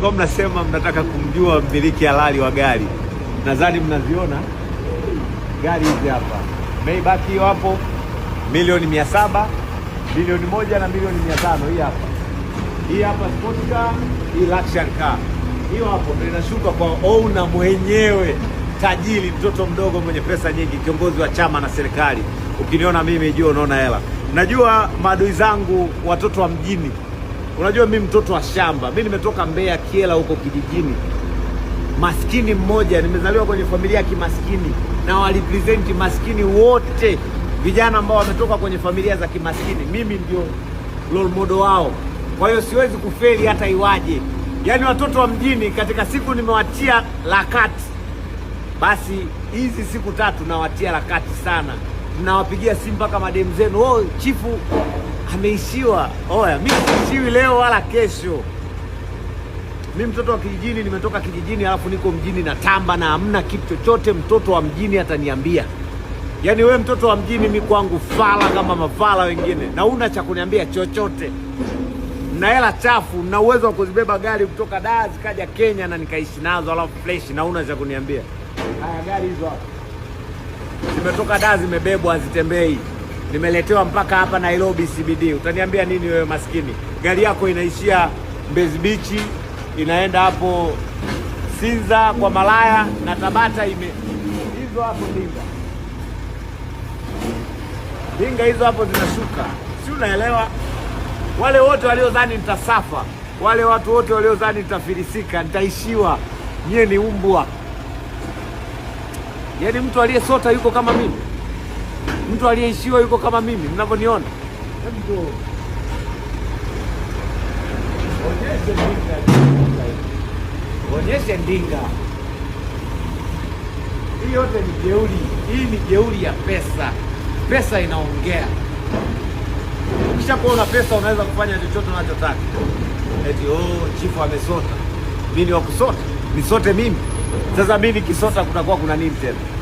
Kwa mnasema mnataka kumjua mmiliki halali wa gari, nadhani mnaziona gari hizi hapa. Maybach hiyo hapo milioni mia saba milioni moja na milioni mia tano Hii hapa hii hapa sport car, hii luxury car hiyo hapo ndio inashuka kwa owner mwenyewe, tajiri, mtoto mdogo mwenye pesa nyingi, kiongozi wa chama na serikali. Ukiniona mimi jua unaona hela. Najua maadui zangu watoto wa mjini Unajua mi mtoto wa shamba, mi nimetoka Mbeya Kiela huko kijijini, maskini mmoja. Nimezaliwa kwenye familia ya kimaskini na walipresenti maskini wote, vijana ambao wametoka kwenye familia za kimaskini, mimi ndio role model wao. Kwa hiyo siwezi kufeli hata iwaje. Yaani watoto wa mjini katika siku nimewatia lakati, basi hizi siku tatu nawatia lakati sana, mnawapigia simu mpaka mademu zenu, oh chifu ameishiwa. Oya, mi siishiwi leo wala kesho. Mi mtoto wa kijijini, nimetoka kijijini alafu niko mjini na tamba na hamna kitu chochote. Mtoto wa mjini ataniambia yaani, we mtoto wa mjini, mi kwangu fala kama mafala wengine, na una cha kuniambia chochote na hela chafu na uwezo wa kuzibeba gari kutoka Dar zikaja Kenya na nikaishi nazo, alafu fresh, na una cha kuniambia. Haya, gari hizo hapo zimetoka Dar, zimebebwa, hazitembei nimeletewa mpaka hapa Nairobi CBD. Utaniambia nini wewe maskini? Gari yako inaishia Mbezi Beach, inaenda hapo Sinza kwa Malaya na Tabata ime hizo hapo dinga dinga hizo hapo zinashuka, si unaelewa? Wale wote waliodhani nitasafa, wale watu wote waliodhani nitafilisika, nitaishiwa, nyie ni umbwa. Yaani mtu aliyesota yuko kama mimi mtu aliyeishiwa yuko kama mimi mnavyoniona. Onyeshe ndinga hii yote ni jeuri, hii ni jeuri ya pesa. Pesa inaongea. Ukishakuwa una pesa unaweza kufanya chochote unachotaka. Eti oh, chifu amesota, mimi ni wa kusota, nisote mimi sasa. Mimi nikisota kutakuwa kuna nini tena?